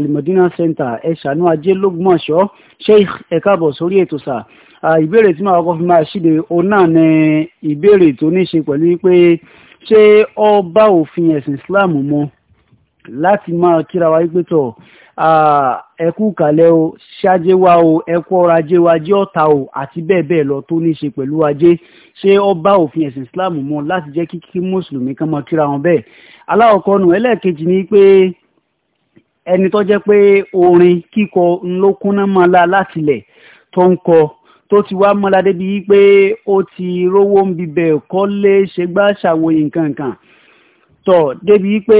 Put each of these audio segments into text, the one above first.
Medina center ẹ̀ṣánú ajé lógúnmọ̀ṣọ́ sheikh ẹ káàbọ̀ sórí ètò sà ìbéèrè tí màá kọ́ fi máa ṣíde òun náà ni ìbéèrè tó ní ṣe pẹ̀lú pé ṣé ó bá òfin ẹ̀sìn islam mu láti máa kíra wa wípé tọ̀ ẹ kú o ṣáájé wa o ẹ kú ọrọ̀ ajé wa jẹ́ ọ̀tá o àti bẹ́ẹ̀ bẹ́ẹ̀ lọ tó ní ṣe pẹ̀lú ajé ṣé ó bá òfin ẹ̀sìn islam mu láti jẹ́ kí mùsùlùmí kan máa kíra wọn bẹ́ẹ̀ aláwọ̀kọ́nù ẹlẹ́ẹ̀kejì ni pé ẹni tó jẹ́ pé orin kíkọ ló kúnná mọ́lá látilẹ̀ tó ń kọ tó ti wá mọ́lá débi pé ó ti rówó ń bibẹ̀ kọ́lé ṣègbà ṣàwòyí nǹkan kan tó débi pé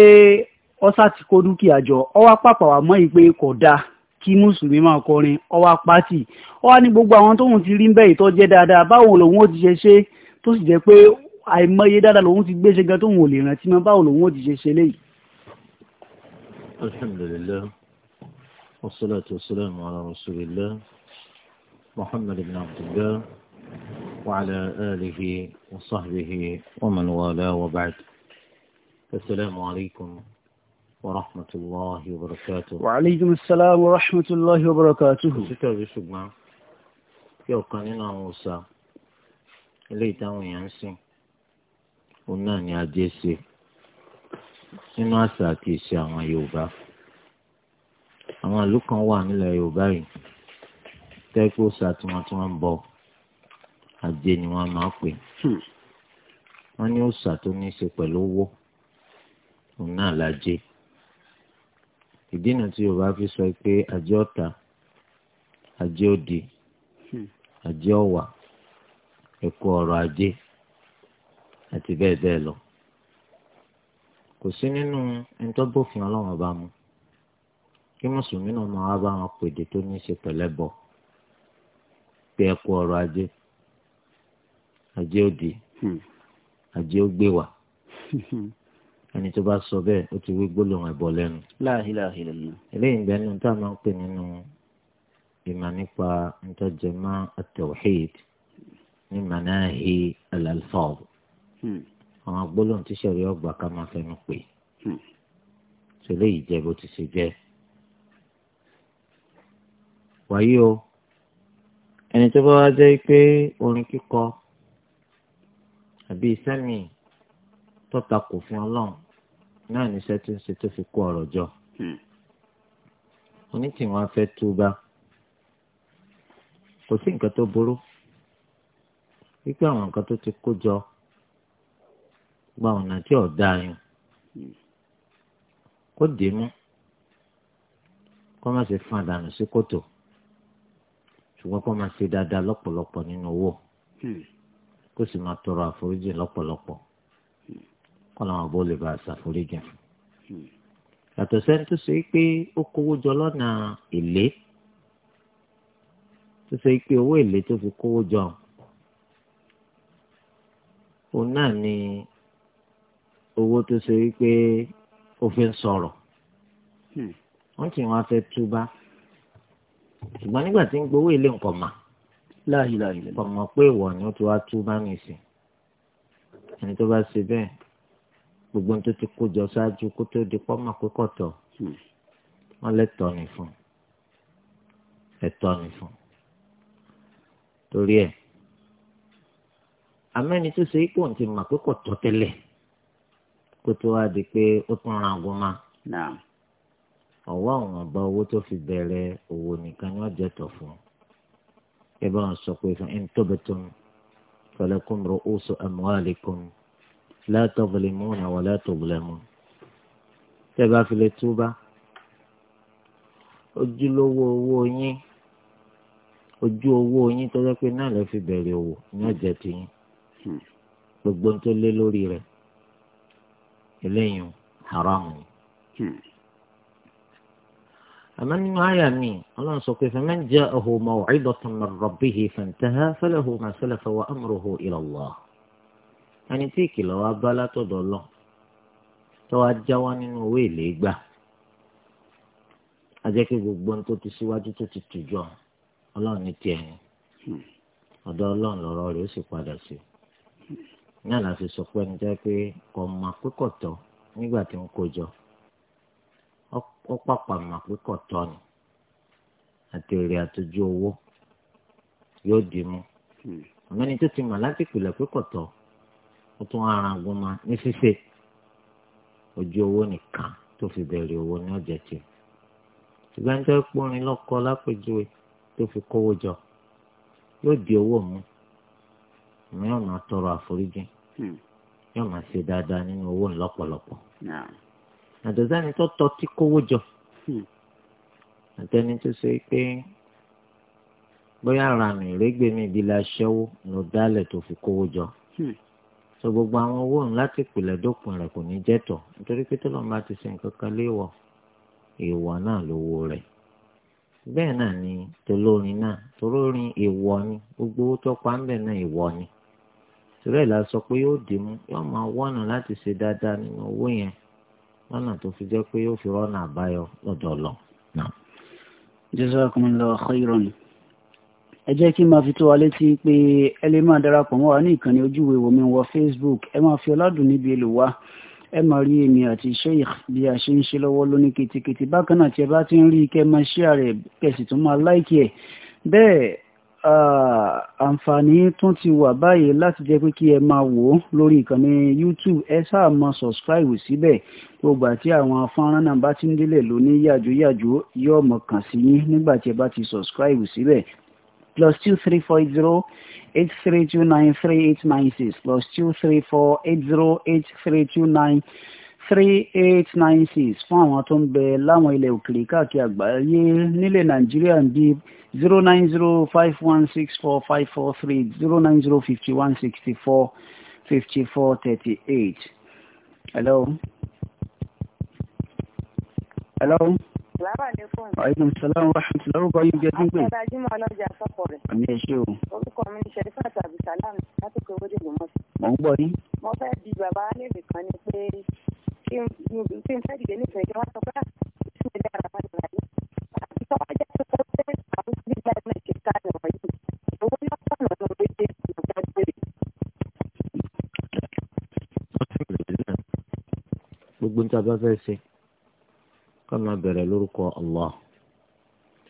ọ́sà ti kó dúkìá jọ ọwá pàpà wà mọ́ ìpè kò dáa kí mùsùlùmí máa kọrin ọwá pátì ọwá ní gbogbo àwọn tóun ti rí ń bẹ́ẹ̀ tó jẹ́ dáadáa báwo lòun ó ti ṣe ṣe tó sì jẹ́ pé àìmọye dáadáa lòun ti gbé ṣe gan tóun ò lè rántí mọ́ báwo lòun ó ti ṣe ṣe léyìí. الحمد لله والصلاة والسلام على رسول الله محمد بن عبد الله وعلى آله وصحبه ومن والاه وبعد السلام عليكم ورحمة الله وبركاته وعليكم السلام ورحمة الله وبركاته كتاب شبنا يوقعنا موسى اللي تاوي ونان وناني nínú àṣà kì í ṣe àwọn Yorùbá àwọn ìlú kan wà nílẹ̀ Yorùbá yìí tẹ́kọ̀ ṣà tí wọ́n ti wọ́n ń bọ àjẹ ni wọ́n máa pè hmm. wọ́n ní òòṣà tó ní í ṣe pẹ̀lú owó òun náà lájẹ ìdí nu tí Yorùbá fi sọ pé àjẹ ọ̀tà àjẹ òdì àjẹ hmm. ọ̀wà ẹ̀kọ́ ọ̀rọ̀ ajé àti bẹ́ẹ̀ bẹ́ẹ̀ lọ kò sí nínú ẹni tó bófin ọlọ́run ọba mu kí mùsùlùmí náà máa wá bá wọn pèdè tó ní í ṣe pẹ̀lẹ́ bọ̀ pé ẹ kú ọrọ̀ ajé ajé òdì hmm. ajé ó gbé wà hmm. ẹni tó bá sọ bẹ́ẹ̀ ó ti wí gbólóhùn ẹ̀bọ lẹ́nu. eléyìí ń bẹ tá a máa ń pè nínú ìmọ̀ nípa ntọ́jẹ̀mọ́ at ní manahi al àwọn gbólóhùn tí sẹ̀rí ọgbà ká máa fẹnu pè ṣẹlẹ̀ hmm. yìí jẹ́ bó ti ṣe jẹ́. wàyí o ẹni tó bá wá jẹ́ pé orin kíkọ àbí iṣẹ́ mi tọ́ta kò fún ọlọ́run náà níṣẹ́ tó ń ṣe tó fi kó ọ̀rọ̀ jọ. Hmm. onítìwọ́n fẹ́ túbá kò sí nǹkan tó burú wípé àwọn nǹkan tó ti kó jọ gba ọ̀nà tí ò dáa yẹn kó dé mú kó má ṣe fún àdánù sí kòtò ṣùgbọ́n kó má ṣe dáadáa lọ́pọ̀lọpọ̀ nínú owó kó sì máa tọrọ àforíjì lọ́pọ̀lọpọ̀ kó làwọn àbó lè bá a ṣàforíjì fún yàtọ̀ sẹ́ni tó ṣe pé ó kówó jọ lọ́nà èlé tó ṣe pé owó èlé tó fi kówó jọ òun náà ni owó tó ṣe wípé ó fi ń sọ̀rọ̀ hmm. wọ́n sì wọ́n fẹ́ túbá ṣùgbọ́n nígbà tí ń gbowó ilé nǹkan mà kọ̀ mọ̀ pé ìwọ̀ ni ó ti wá túbá nìsín ẹni tó bá ṣe bẹ́ẹ̀ gbogbo tó ti kó jọ ṣáájú kó tó di pọ́nmà pẹ́kọ̀tọ̀ hmm. wọ́n lẹ́tọ̀ọ́ ni fún ẹ̀tọ́ ni fún torí ẹ̀ amẹ́ni tó ṣe ipò ti mà pẹ́kọ̀tọ̀ tẹ́lẹ̀ kó tó wá di pé ó tún ran aago ma. ọ̀wọ́ àwọn ọba owó tó fi bẹ̀rẹ̀ òwò nìkan ni wọ́n jẹ́ tọ̀ fún un. ẹ bá wọn sọ pé fún in tubtum falakum ru'usu amwalikum la tazlimuna wa la tuzlamun. tẹ́ bá fi túbá ojúlówó owó yín ojú owó yín tó pé náà lè fi bẹ̀rẹ̀ òwò ní ọ̀jẹ̀ tiyín hmm. gbogbo ń tó lé lórí rẹ̀ eléyìí haram ni. Hmm. àmọ́ nínú àyà mi ọlọ́run sọ pé faman ja'ahu maw'izatun min rabbihi fantaha falahu ma salafa wa amruhu ila Allah. ẹni tí ìkìlọ̀ wa bá látọ̀dọ̀ lọ tó wá jáwá nínú owó èlé gbà á jẹ́ kí gbogbo ohun tó ti síwájú tó ti tù jọ ọlọ́run ní tiẹ̀ ni hmm. ọ̀dọ̀ ọlọ́run lọ́rọ̀ rẹ̀ ó sì padà sí i ní àlàáfíà sọ pé ẹni jẹ́ pé kò mà pé nígbà tí ń kó ó pàpà mà pé ni àti èrè àtọ́jú owó yóò dì mú ọ̀mẹ́ni tó ti mà láti pìlẹ̀ pé kò tọ́ ó tún ara gun ma ní ṣíṣe ojú owó nìkan tó fi bẹ̀rẹ̀ owó ní ọ̀jẹ̀ tiẹ̀ ṣùgbọ́n tó pọ́nrin lọ́kọ lápèjúwe tó fi kówó jọ yóò di owó mú ìmíràn máa tọrọ àforíjì Hmm. yóò máa ṣe dáadáa nínú owó ńlọ́pọ̀lọpọ̀ àdọ̀sáni tó tọ́ tí kówó jọ hmm. àtẹni tó ṣe pé bóyá ranù ìrégbè mi ìdílé aṣẹ́wó ló dálẹ̀ tó fi kówó jọ hmm. so gbogbo àwọn owó ńlá ti pìlẹ̀ dópin rẹ̀ kò ní jẹ́ tọ̀ nítorí pé tó lọ́n bá ti ṣe nǹkan kan léèwọ̀ èèwọ̀ náà lówó rẹ̀ bẹ́ẹ̀ náà ni tolórin náà torórin èèwọ̀ ni gbogbo owó tó pa ń bẹ̀ náà èèwọ̀ ni torí ẹ̀ la sọ pé yóò dì mú yóò máa wọ́nà láti ṣe dáadáa nínú owó yẹn lọ́nà tó fi jẹ́ pé yóò fi rọ́nà àbáyọ lọ́dọ̀ lọ. jazakumullahu khairan ẹ jẹ́ kí n máa fi tó wa létí pé ẹ lè máa darapọ̀ mọ́ wa ní ìkànnì ojúwe wo mi wọ Facebook ẹ máa fi ọládùn níbi èlò wa ẹ máa rí èmi àti sheikh bí a ṣe ń ṣe lọ́wọ́ lóní kitikiti bákan náà tí ẹ bá ti ń rí kẹ́ share rẹ̀ kẹ́ sì máa like Ah, àǹfààní tún ti wà báyìí láti jẹ́ pé kí ẹ máa wò ó lórí ìkànnì YouTube ẹ sáà mọ subscribe síbẹ̀ gbogbo àti àwọn fọ́nrán náà bá ti ń délẹ̀ lóní yàjóyàjó yóò mọ̀ kàn sí yín nígbà tí ẹ bá ti subscribe síbẹ̀ plus two three four eight zero eight three two nine three eight nine six plus two three four eight zero eight three two nine three eight nine six fún àwọn tó ń bẹ láwọn ilẹ̀ òkèèrè káàkiri àgbáyé nílẹ̀ nàìjíríà ń bí zero nine zero five one six four five four three zero nine zero fifty one sixty four fifty four thirty eight. hello. hello. Salaamaleykum. Aleykum salaam wa rahmatulah. Orúkọ yín bí ẹ ti ń pè. Àgbàdo Ajímọ̀ ọlọ́jà sọ́kọ̀rẹ̀. Àmì ẹ̀ ṣe o. Orúkọ mi ni Ṣẹ̀rífàtà Abdulsalam láti kó owó dègbò mọ́sí. Mò ń gbọ́ yín. Mo fẹ́ bi bàbá Alébì kan ni pé kí n kí n fẹ́ dìde nítorí ìjọba sọ pé àtúntò ìṣúná ìdára bá nìyà ní. àti tó wá jẹ́ pé ó fẹ́ Allah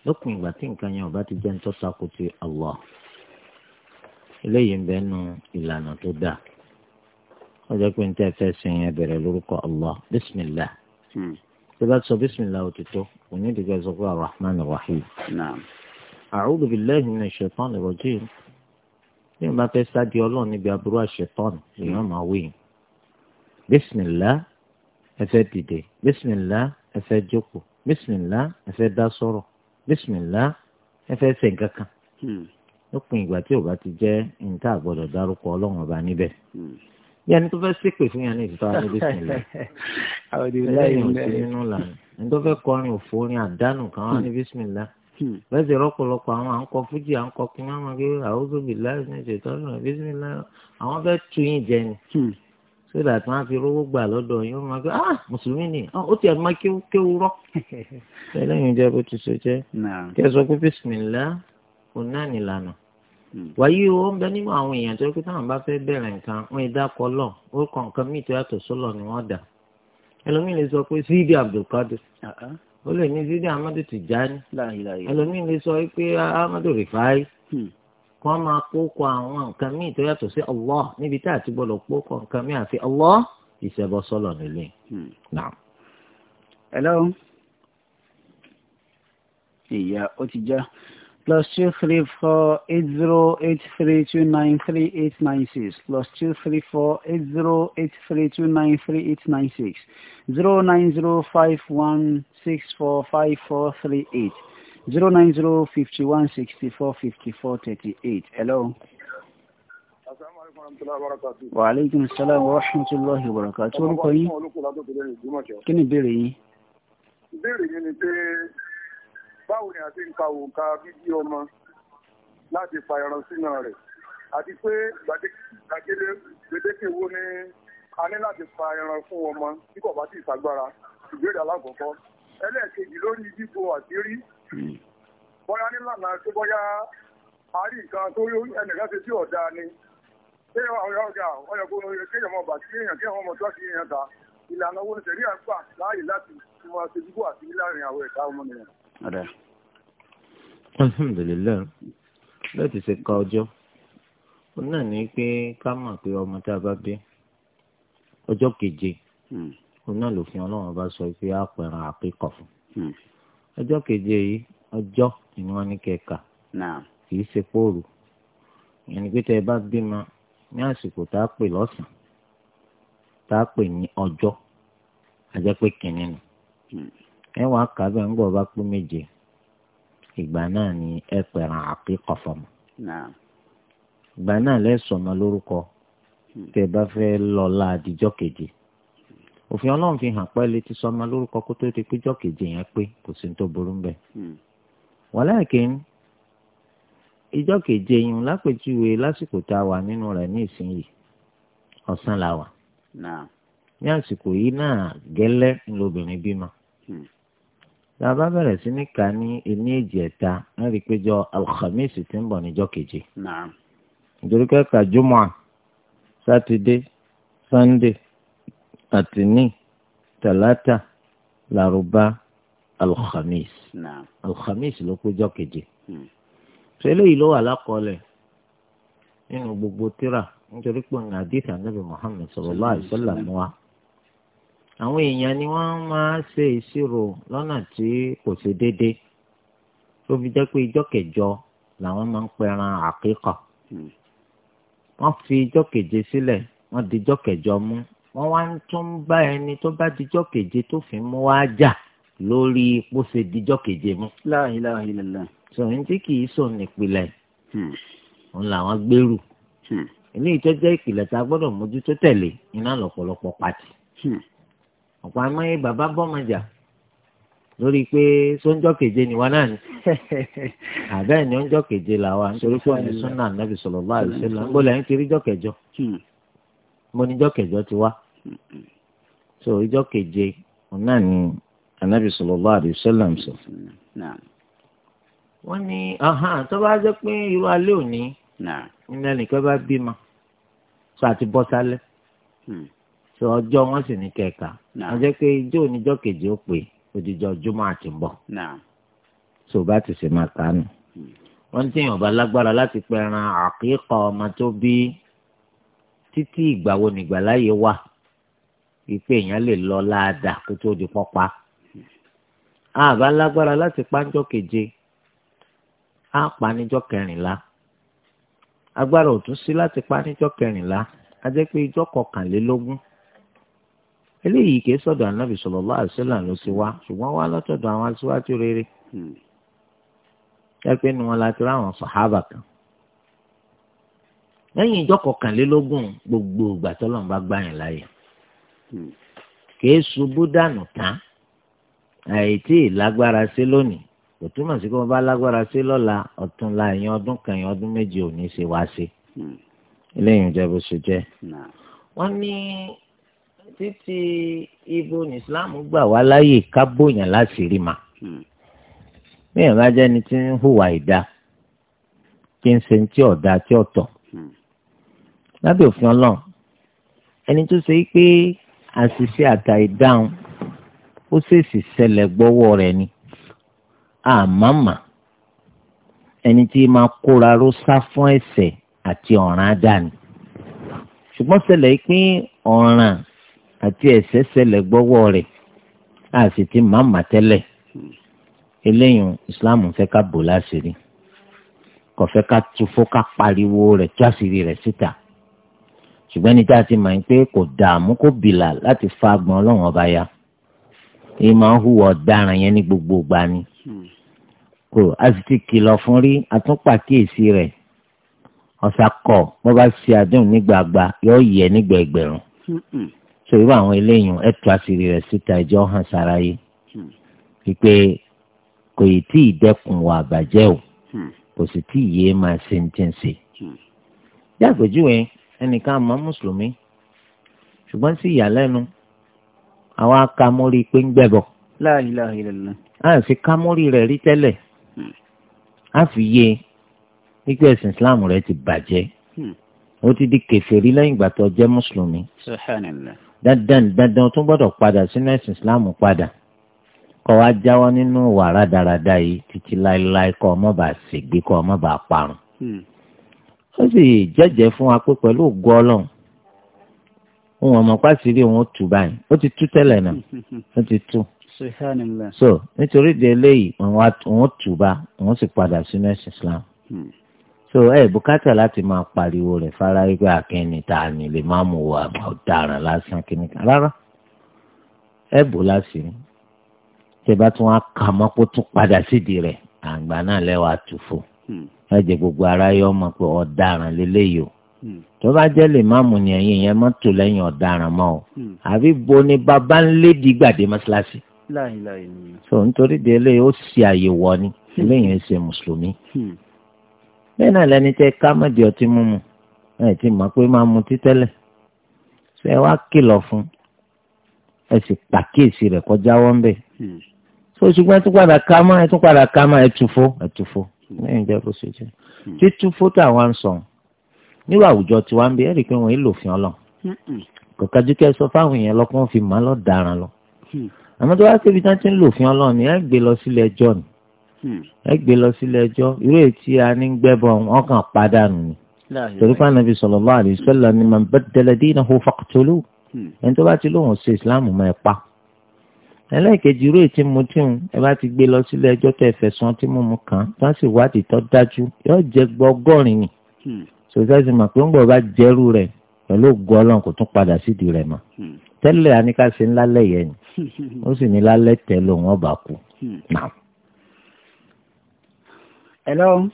lókun ìgbà tí nǹkan yẹn ò ti jẹ́ ń tọ́sàkó ti Allah eléyìí ń bẹ́ẹ̀ nu ìlànà tó dáa ọjọ́ pé níta ẹ̀fẹ́ sìn yẹn bẹ̀rẹ̀ lórúkọ allah bisimilah hmm. tó bá sọ bisimilah ó ti tó òní ìdígbà sọ pé arahman rahim. a'udhu billahi minash shaitani rajim bí wọ́n bá fẹ́ sáàdì ọlọ́run níbi aburú àṣetọ́nù èèyàn máa wí yìí bísímìlá ẹfẹ́ dìde bísímìlá ẹfẹ́ jókòó bísímìlá ẹfẹ́ dá sọ̀rọ̀ bísímìlá ẹfẹ́ ṣe nǹkan kan hmm. lópin ìgbà tí ò bá ti jẹ́ nǹkan àgbọ̀dọ̀ dárúkọ ọlọ́run ọba níbẹ̀ hmm bí ẹni tó fẹ́ ṣépè fún yẹn ní ìtọ́ àdébí sílẹ̀ lẹ́yìn òsì nínú lànà ẹni tó fẹ́ kọrin òfò orin àdánù kan wà ní hmm. bísímìlá hmm. bẹ́ẹ̀ sì rọ́pọ̀lọpọ̀ àwọn à ń kọ fújì à ń kọ kí wọ́n máa gbé àwòzó bìlá ní ìṣètò ọ̀nà bísímìlá àwọn fẹ́ tu yín jẹ ni hmm. sódà tí wọ́n fi rówó gbà lọ́dọ̀ yín wọ́n máa gbé ah mùsùlùmí ni ah, ó ti ẹ̀ máa kéwu rọ́ lẹ́yìn ìjẹ́ bó ti so jẹ́ kí ẹ sọ pé bísímìlá òun náà Hmm. wàyí o ń bẹ nínú àwọn èèyàn tó bá fẹ́ bẹ̀rẹ̀ nǹkan wọn ì dákọ lọ orúkọ nǹkan míì tó sọ́lọ̀ ni wọ́n dà ẹlòmíì lè sọ pé Sidi Abdulkadir ó lè ní Sidi Amadu Tijani ẹlòmíì lè sọ pé Amadu Rifai hmm. kọ́ máa kókó àwọn nǹkan míì tó sí Allah níbi tá àti gbọ́dọ̀ kókó nǹkan àfi Allah ìṣẹ̀bọ sọ́lọ̀ nílé. plus two three four eight zero eight three two nine three eight nine six plus two three four eight zero eight three two nine three eight nine six zero nine zero five one six four five four three eight zero nine zero fifty one sixty four fifty four thirty eight. Hello. Wa aleykum salaam wa rahmatulahi wa barakatuh. Orúkọ yín. Kí ni ìbéèrè yín? Ìbéèrè yín ni pé. báwo ni a ti ń bíbí ọmọ láti fa sínú rẹ̀ àti pé ni a ní láti fa ẹran fún ọmọ tí kò bá ti ṣàgbára ìbéèrè alákọ̀ọ́kọ́ ẹlẹ́ẹ̀kejì lórí bíbo hmm. bóyá nílànà tó bóyá a rí nǹkan tó rí ẹnìkan ṣe tí ọ̀dà ni kéèyàn àwọn ọ̀gá kó kéèyàn mọ̀ ta ìlànà owó láàyè láti máa ṣe láàrin ọ̀dà. alhamdulilayi ṣe ka ọjọ́ ó náà ní pé ká mọ̀ pé ọmọ tá a bá bí ọjọ́ keje hmm. ó náà lòfin ọlọ́run sọ pé aapụ ịra àpékọ̀ fún hmm. ọjọ́ keje yìí ọjọ́ ni wọ́n ní kẹ̀ka kì í ṣe póòrù ìyẹn ni pé tẹ́ ẹ bá bímọ ní a pè ẹ wàá kà bẹ́ẹ̀ bá pé méje ìgbà náà ni ẹ pẹ̀ràn àkíkọ̀ fọmọ. ìgbà náà lórúkọ hmm. tẹ bá fẹ́ lọ la àdìjọ́ òfin ọlọ́run fi hàn pẹ́ẹ́lí ti sọmọ lórúkọ kó tó ti péjọ́ pé kò sí tó burú ń bẹ̀. Hmm. lásìkò tá a wà nínú rẹ̀ ní ọ̀sán la wà. ní yìí náà gẹ́lẹ́ ńlọbìnrin bímọ. Hmm. làbá bẹ̀rẹ̀ sí ní ká ní ẹni èjì ẹ̀ta wọ́n rí i pé jọ alhamisi ti ń bọ̀ níjọ́ keje. nítorí kẹ́ka jùmọ̀à sátidé sannde àtìní tàlátà làrúbá alhamis alhamis ló péjọ keje. Hmm. sọ eléyìí ló wà lákọọ́lẹ̀ nínú gbogbo tírà nítorí pé ní àdìsá nàbì muhammed sallallahu alaihi wasallam wa àwọn èèyàn ni wọ́n máa ṣe ìṣirò lọ́nà tí kò ṣe déédé tó fi jẹ́ pé ijọ́ kẹjọ làwọn máa ń pẹran àkíkà hmm. wọ́n fi ijọ́ keje sílẹ̀ wọ́n di ijọ́ kẹjọ mú wọ́n wá ń tún bá ẹni tó bá di ijọ́ keje tó fi mú wá jà lórí bó ṣe di ijọ́ keje mú. la ilaha illallah. sọ̀rọ̀ ní tí kì í sọ nípìnlẹ̀ hmm. òun làwọn gbèrú hmm. eléyìí tó jẹ́ ìpìlẹ̀ tá a gbọ́dọ̀ mójútó tẹ̀lé iná lọ́pọ̀lọpọ̀ pàtì. ọ̀pọ̀ amáyé bàbá bọ́mọjà lórí pé sọ́njọ́ njọkèje ni wọn náà ní ni ọjọ́ keje là wa nítorí pé ọ̀nì súnà nàbì ń kiri kẹjọ hmm. mo ní kẹjọ ti wá so ìjọ́ keje náà ni ànábì sallallahu sọ. wọ́n ní bá jẹ́ pé irú alẹ́ òní so ọjọ́ wọn sì ní kẹka wọn jẹ́ pé ijó oníjọ́ kejì ó pè odijọ́ júmọ́ àti bọ̀ so bá ti ṣe máa kánú hmm. wọn ti yàn bá lágbára láti pẹran àkíkọ ọmọ tó bí títí ìgbà wo nìgbà láyé wà ìpè èèyàn lè lọ láadáa kó tó di pọ́pa hmm. àbá lágbára láti pánjọ́ keje á pa níjọ́ kẹrìnlá agbára ò tún sí láti pa níjọ́ kẹrìnlá a jẹ́ pé ijọ́ kọkànlélógún eléyìí kìí sọ̀dọ̀ ànábì sallallahu alaihi wasallam ló sì wá ṣùgbọ́n wá látọ̀dọ̀ àwọn aṣíwájú rere hmm. ẹgbẹ́ ni wọn láti ráwọn sàhábà kan lẹ́yìn ìjọ kọkànlélógún gbogbo ìgbà tọ́lọ́run bá gbà yín láàyè hmm. kìí ṣubú dànù tán àìtí lágbára sí lónìí kò túmọ̀ sí kí wọ́n bá lágbára sí lọ́la ọ̀tún la ẹ̀yìn ọdún kan ẹ̀yìn ọdún méje ò ní í ṣe wá sí hmm. eléyìí ń jẹ́ bó ṣe jẹ́ wọ́n ní títí ibo ní islam gbà wá láyè ká bòyàn láṣìírí mà hmm. bẹ́ẹ̀ bá jẹ́ni tí ń hùwà ìdá kí ń ṣe tí ọ̀dà tí ọ̀tọ̀ hmm. lábẹ́ òfin ọlọ́run ẹni tó ṣe pé àṣìṣe àtà ìdáhùn ó ṣèèṣì ṣẹlẹ̀ gbọ́wọ́ rẹ̀ ni àmàmà ẹni tí máa kóra ró sá fún ẹ̀ṣẹ̀ àti ọ̀ràn àdáni ṣùgbọ́n ṣẹlẹ̀ pé ọ̀ràn àti ẹ̀ṣẹ̀ ṣẹlẹ̀ gbọ́wọ́ rẹ̀ a sì ti máa mà tẹ́lẹ̀ eléyìí islam fẹ́ ká bò láṣìírí kò fẹ́ ká tufó ká pariwo rẹ̀ tú àṣírí rẹ̀ síta ṣùgbọ́n ní tá a ti mọ̀ pé kò dààmú kó bìlà láti fa agbọ̀n ọlọ́run ọba ya èyí máa ń hùwà ọ̀daràn yẹn ní gbogbo ìgbà ni kò a sì ti kìlọ̀ fún rí àtúnpàkíyèsí rẹ̀ ọ̀sà kọ̀ bó bá ṣe àdéhùn nígbàgbà yóò yẹ nígbà ẹgbẹ̀rún sọ irú àwọn eléyìí ẹ tú àṣírí rẹ̀ síta ẹjọ́ hàn sára yìí hmm. wípé kò yìí tí ì dẹ́kun wà bàjẹ́ o hmm. kò sì tí ì yé máa ṣe ń tẹ̀ ṣe. bí hmm. àpèjúwe ẹnìkan àmọ́ mùsùlùmí ṣùgbọ́n sí ìyàlẹ́nu àwọn akamórí pé ń gbẹ̀bọ̀. la ilaha illallah. a sì kámórí rẹ̀ rí tẹ́lẹ̀ a fi yé wípé ẹ̀sìn islam rẹ̀ ti bàjẹ́ ó ti di kèfèrí lẹ́yìn ìgbà tó jẹ́ mùsùlùmí dandan dandan tó gbọ́dọ̀ padà sínú ẹ̀sìn islam padà kọ́ wa jáwọ́ nínú wà rádaràda yìí títí láéláé kọ́ ọmọ bá ṣègbè kọ́ ọmọ bá parun. Hmm. ó sì jẹ́jẹ́ fún wa pé pẹ̀lú ògo ọlọ́run òun ọmọ pàṣírí òun tù báyìí ó ti tú tẹ́lẹ̀ náà hmm. ó ti tú. so nítorí ìdí eléyìí òun tù bá òun sì padà sínú ẹ̀sìn islam. Hmm so ẹ bukata láti máa pariwo rẹ̀ fara wípé akínni ta ni lè má mú wa ọ̀daràn lásán kínní kan rárá ẹ bò láti ní tẹ bá tún wá kà mọ́ kó tún padà sídìí rẹ̀ àgbà náà lẹ́wà tùfò hmm. ẹ jẹ gbogbo ara ọmọ pé ọ̀daràn lélẹ́yìí o hmm. tó bá jẹ́ lè má mú ni ẹ̀yìn yẹn má tò lẹ́yìn ọ̀daràn mọ́ o hmm. àbí bo ni bàbá ń lé di gbàdé mọ́ṣáláṣí so nítorí délé ó ṣe àyèwọ́ ni eléyìí ń mùsùlùmí bẹ́ẹ̀ náà lẹni tẹ́ ká mọ̀dí ọtí mímu ẹ̀ ti mọ̀ pé máa mu tí tẹ́lẹ̀ ṣé ẹ wá kìlọ̀ fún ẹ sì pàkíyèsí rẹ̀ kọjá wọ́n bẹ́ẹ̀ hmm. so ṣùgbọ́n ẹ tún padà ká mọ́ ẹ tún padà ká mọ́ ẹ túfó ẹ túfó hmm. lẹ́yìn jẹ́ bó ṣe jẹ́ hmm. títúfó táwọn ń sọ̀n níwà àwùjọ tí wàá ń bí ẹ rí i pé wọ́n èlò fi ọlọ́ kò kájú kẹ́ sọ fáwọn èèyàn lọ́kàn fi mọ́ lọ́ọ́ dáran lọ àmọ́ tó wá síbi tí ti ń lò fi ọlọ́ ni ẹ gbé lọ sílé ẹjọ́ ẹ gbé lọ sílé ẹjọ́ irú ètí a ní gbẹ́bọ̀ wọn kàn pàdánù ni torí fún anabi sallallahu alaihi wasallam ni man baddala dinahu faqtuluhu ẹni tó bá ti lóhùn ṣe ìsìláàmù máa pa ẹlẹ́ẹ̀kejì irú ètí mu tí ń ẹ bá ti gbé lọ sílé ẹjọ́ tẹ fẹ̀sùn tí mímu kàn tó sì wádìí tó dájú yóò jẹ gbọgọ́rin ni sòtẹ́sì mà pé ń gbọ́ bá jẹ́rú rẹ̀ pẹ̀lú ògùn ọlọ́run kò tún padà sídìí rẹ̀ mọ́ tẹ́lẹ̀ àníkàṣe ńlá lẹ́yẹ ni ó sì ní lálẹ́ tẹ́ lòun ọba kú náà. Hello.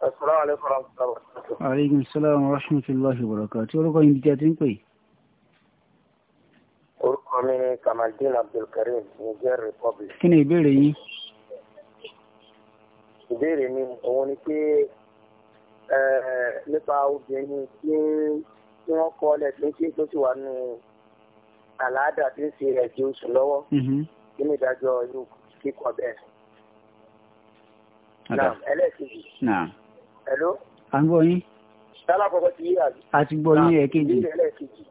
Assalamu alaikum warahmatullahi wabarakatuh. Wa alaikum assalam warahmatullahi wabarakatuh. Orúkọ yìí jẹ́ tí ń pè. Orúkọ mi ni Kamaldeen Abdulkareem, Niger Republic. Kí ni ìbéèrè yín? Ìbéèrè mi òun ni pé nípa obìnrin tí wọ́n kọ́ ọ́lẹ̀ tí ń ṣe tó sì wà nù àlàádà tí ń ṣe ẹ̀jẹ̀ oṣù lọ́wọ́. Mm-hmm. Kí ni ìdájọ́ irú kíkọ bẹ́ẹ̀? náà ẹlẹ́ẹ̀kejì. náà. ẹ̀ló. à ń gbọ́ yín. sálá kọ́kọ́ ti yé àbí. a ti gbọ́ yín ẹ̀kejì. ẹlẹ́ẹ̀kejì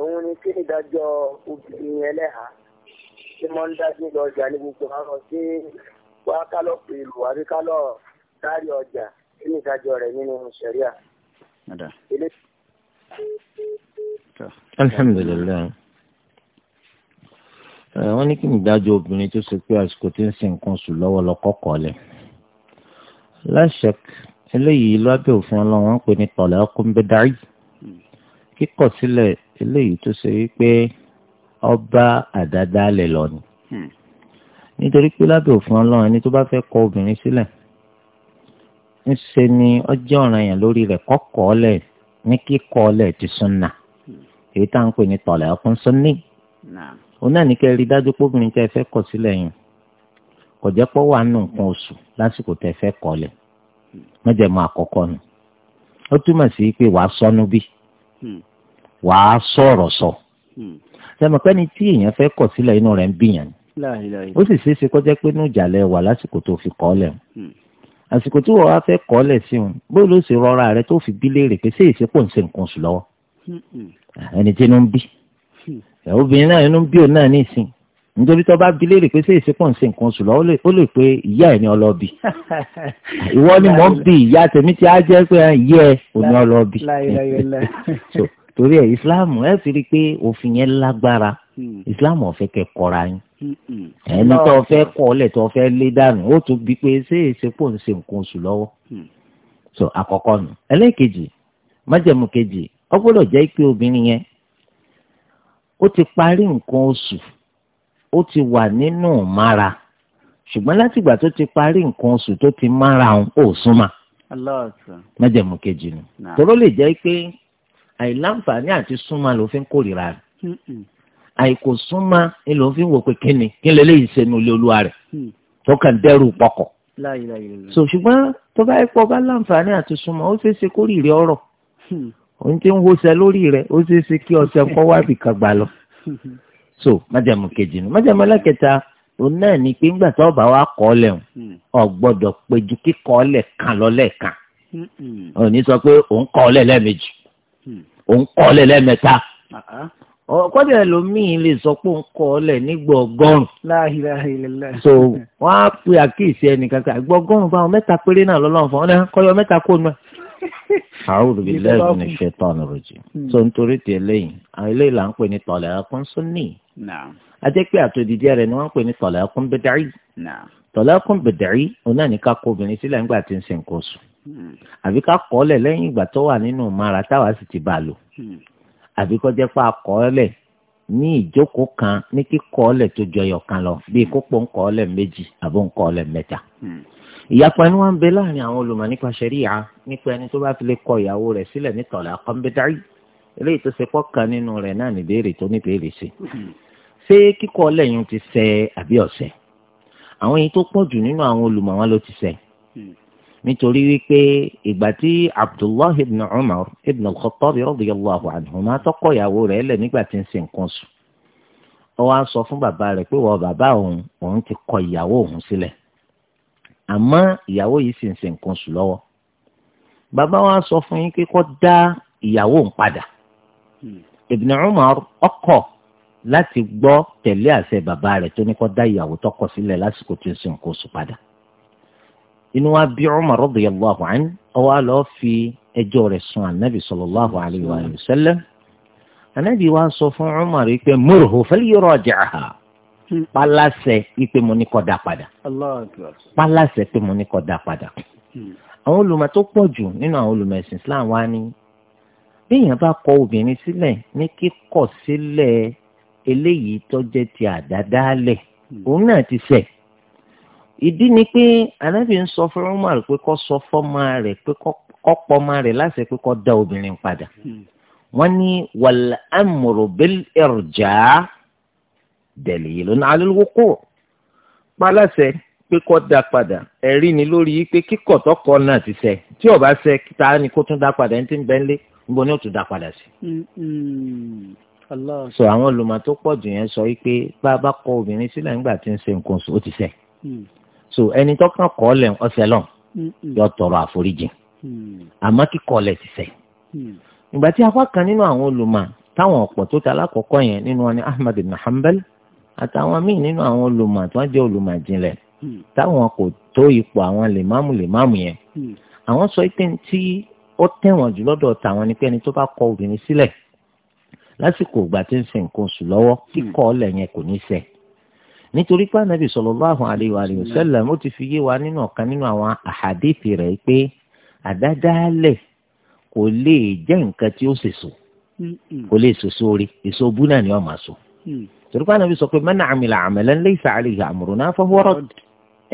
òun ni kí ni ìdájọ́ obìnrin ẹlẹ́hàá tí wọ́n ń dájú lọ ọjà ní gbogbo àwọn tí wọ́n á kálọ̀ pèlú àbí kálọ̀ sáré ọjà kí ni ìdájọ́ rẹ̀ nínú sẹ̀ríà. alhamdulilayi wọ́n ní kí ni ìdájọ́ obìnrin tó ṣe pé àsìkò tí ń sin nǹkan sùn lọ́wọ́ lọ kọ́kọ́ lẹ̀ láṣẹk eléyìí lábẹ́ òfin ọlọ́run wọ́n pè ní tọ̀lẹ́ ọkùnbẹ́dárì kíkọ̀ sílẹ̀ eléyìí tó ṣe wípé ọba àdádálẹ̀ lọ ni hmm. nítorí pé lábẹ́ òfin ọlọ́run ẹni tó bá fẹ́ kọ obìnrin sílẹ̀ ńṣe ni ọjọ́ ọ̀ranyàn lórí rẹ̀ kọ́kọ́ ọ̀lẹ̀ ní kíkọ́ ọ̀lẹ̀ ti súnà èyí tá à ń pè ní tọ̀lẹ̀ ọkùn súnni òun náà ní kẹ́ rí dájú pé obìnrin tẹ́ fẹ́ kọ̀ sílẹ̀ yìí kò jẹ́ pọ́ wà nù nǹkan oṣù lásìkò tẹ fẹ́ kọ́lẹ̀ mẹ́jẹ̀mú àkọ́kọ́ nù ó túmọ̀ sí pé wàá sọnù bí hmm. wàá sọ̀rọ̀ sọ sẹ́mi hmm. pẹ́ni tí èèyàn fẹ́ kọ̀ sílẹ̀ inú rẹ̀ ń bìyàn ó sì ṣeé ṣe kọjá pé inú ìjàlẹ̀ wà lásìkò tó fi kọ́lẹ̀ hmm. àsìkò tí wọ́n wá fẹ́ kọ́lẹ̀ sí òun bó ló ṣe rọra rẹ tó fi bí léèrè pé ṣé ìṣepò ń ṣe nǹkan oṣù lọ́wọ́ ẹni tí inú ń bí obìnrin náà inú ń bí òun náà ní ìsìn nítorí tó bá bi léèrè pé ṣé ìṣepọ̀ ń ṣe nǹkan oṣù lọ ó lè pé ìyá ẹ̀ ni ọlọ́ọ̀bì ìwọ ni mò ń bi ìyá tèmi tí á jẹ́ pé ìyá ẹ̀ ò ní ọlọ́ọ̀bì torí ẹ̀ ìsìláàmù ẹ̀ fi rí i pé òfin yẹn lágbára hmm. ìsìláàmù ọ̀fẹ́ kẹ kọ́ra yín hmm, hmm. ẹni tó fẹ́ kọ́ ọ̀lẹ̀ tó fẹ́ lé dànù ó tún bi pé ṣé ìṣepọ̀ ń ṣe nǹkan oṣù lọ́wọ́ so àkọ́kọ́ nù ẹlẹ́ẹ̀kejì májẹ̀mú kejì ó gbọ́dọ̀ jẹ́ pé obìnrin yẹn ó ti parí nǹkan oṣù ó ti wà nínú mára ṣùgbọ́n látìgbà tó ti parí nǹkan oṣù tó ti mára òun ò súnmọ́ májẹ̀mú kejì ni tóró lè jẹ́ pé àìláǹfààní àti súnmọ́ ló fi ń kórìíra rẹ̀ àìkò súnmọ́ ni ló fi ń wò pé kíni kí lè léyìí sẹ́nu ilé olúwa rẹ̀ mm. tó kàn dẹ́rù pọkọ̀ so ṣùgbọ́n tó bá yẹ kó ọba láǹfààní àti súnmọ́ ó ṣeé ṣe kórìíra ọ̀rọ̀ òun hmm. ti ń wọṣẹ lórí rẹ̀ ó ṣeé ṣe kí ọṣẹ kọ́ wá bìkan lọ hmm. so májàmú kejì ni májàmú ẹlẹ́kẹta òun náà ni pé ńgbà tó wa kọ́ ọ lẹ́hùn hmm. ọ péjú kíkọ́ ọ kan hmm. sọ pé òun kọ́ ọ lẹ́ẹ̀mejì hmm. òun kọ́ ọ lẹ̀ lẹ́ẹ̀mẹ́ta ọkọdẹ lè sọ pé ń kọ ọlẹ nígbà so wọn á àkíyèsí ẹnìkan kan ọgọ́rùn mẹ́ta péré náà lọ́lọ́run àwùjọ bíláà ní ṣètọ́n rojì tó ń torí tiẹ̀ àwọn eléyìí là ń pè ní tọ̀lẹ̀ ẹkún ajẹ́ pé àtòdìdí ni wọ́n ń pè ní tọ̀lẹ̀ ẹkún bẹ̀dẹ̀rì tọ̀lẹ̀ ẹkún bẹ̀dẹ̀rì òun náà ní ká kó obìnrin sílẹ̀ nígbà tí ń ṣe nǹkan oṣù hmm. àbí ká kọ́ ọ́lẹ̀ lẹ́yìn ìgbà tó nínú mara táwa sì ti bá lò hmm. àbí jẹ́ pé ní ìyapa ni wọ́n ń bẹ láàrin àwọn olùmọ̀ nípa ṣẹ̀ríà nípa ẹni tó bá fi lè kọ ìyàwó rẹ̀ sílẹ̀ ní talaqan bid'i eléyìí tó ṣe pọ́kàn nínú rẹ̀ náà níbèrè tó níbèrè sí ṣé kíkọ́ lẹ́yìn ti ṣẹ àbí ọ̀ṣẹ̀ àwọn èyí tó pọ̀ jù nínú àwọn olùmọ̀ wọn ló ti ṣẹ nítorí wípé ìgbà tí Abdullahi ibn Umar ibn al-Khattab radiyallahu anhuma tọkọ ìyàwó rẹ̀ lẹ̀ nígbà tí ń ṣe nǹkan sùn ó wá sọ fún bàbá rẹ̀ pé wọ́n àmọ́ ìyàwó yìí sì ń ṣe nǹkan sùn lọ́wọ́ bàbá wa sọ fún yín pé kó dá ìyàwó ń padà hmm. Ibn Umar ọkọ̀ láti gbọ́ tẹ̀lé àṣẹ bàbá rẹ̀ tó ní kó dá ìyàwó tọkọ sílẹ̀ lásìkò tí ń ṣe nǹkan sùn padà inú wa bí Umar radiyallahu anhu ọwọ́ àlọ́ fi ẹjọ́ rẹ̀ sun anabi sallallahu alayhi wa sallam anabi wa sọ fún Umar pé murhu falyuraji'aha pálásẹ̀ ipe mo ní kó dá padà pálásẹ̀ pé mo ní kó dá padà. Hmm. àwọn olùmọ̀ tó pọ̀ jù nínú àwọn olùmọ̀ ẹ̀sìn Islam wa ni béèyàn bá kọ obìnrin sílẹ̀ ní kíkọ̀ sílẹ̀ eléyìí tó jẹ́ ti àdádálẹ̀ hmm. òun náà ti ṣẹ̀ ìdí ni pé anábì ń sọ fún Umar pé kó sọ fọ́mọ rẹ̀ pé kó pọ́mọ rẹ̀ láṣẹ pé kó dá obìnrin padà hmm. wọ́n ní wàlámùrù bẹ́ẹ̀ dalilun ala al-wuqu' paláṣẹ pé kó dá padà ẹ̀rí ni lórí pé kíkọ̀ tọkọ náà ti ṣẹ tí ó bá ṣẹ ni kó tún dá padà ẹni tí ń bẹ ńlé níbo ni ó tún dá padà sí. Mm-hmm. sọ àwọn olùmọ̀ tó pọ̀ jù yẹn sọ wípé bá a bá kọ obìnrin sílẹ̀ nígbà tí ń ṣe nǹkan oṣù ó ti ṣẹ mm. so ẹni tó kàn kọ́ lẹ̀ ọ̀sẹ̀ lọ yọ tọrọ àforíjì mm. àmọ́ kíkọ́ lẹ̀ ti ṣẹ. Mm. ìgbà tí apá kan nínú àwọn olùmọ̀ táwọn ọ̀pọ̀ tó ta alákọ̀ọ́kọ́ yẹn nínú wọn ni Ahmad ibn àtàwọn míì nínú àwọn olùmọ̀ àti wọ́n jẹ́ olùmọ̀ ìjìnlẹ̀ hmm. táwọn kò tó ipò àwọn lèmáàmù lèmáàmù yẹn hmm. àwọn sọ pé tí ó tẹ̀wọ̀n jù lọ́dọ̀ tàwọn ni pé ẹni tó bá kọ obìnrin sílẹ̀ lásìkò ìgbà tí ń ṣe nǹkan oṣù lọ́wọ́ hmm. kíkọ́ ọ̀lẹ̀ yẹn kò ní ṣẹ nítorí pé anabi sallallahu alayhi wa sallam ó ti fi yé wa nínú ọ̀kan nínú àwọn àhàdíìtì rẹ̀ pé àdádálẹ̀ kò lè jẹ́ nǹkan tí ó sèso kò lè sòso rí èso bú náà ni ọ̀ máa torí pé ànábi sọ pé man amila amalan laysa alayhi amruna fahuwa radd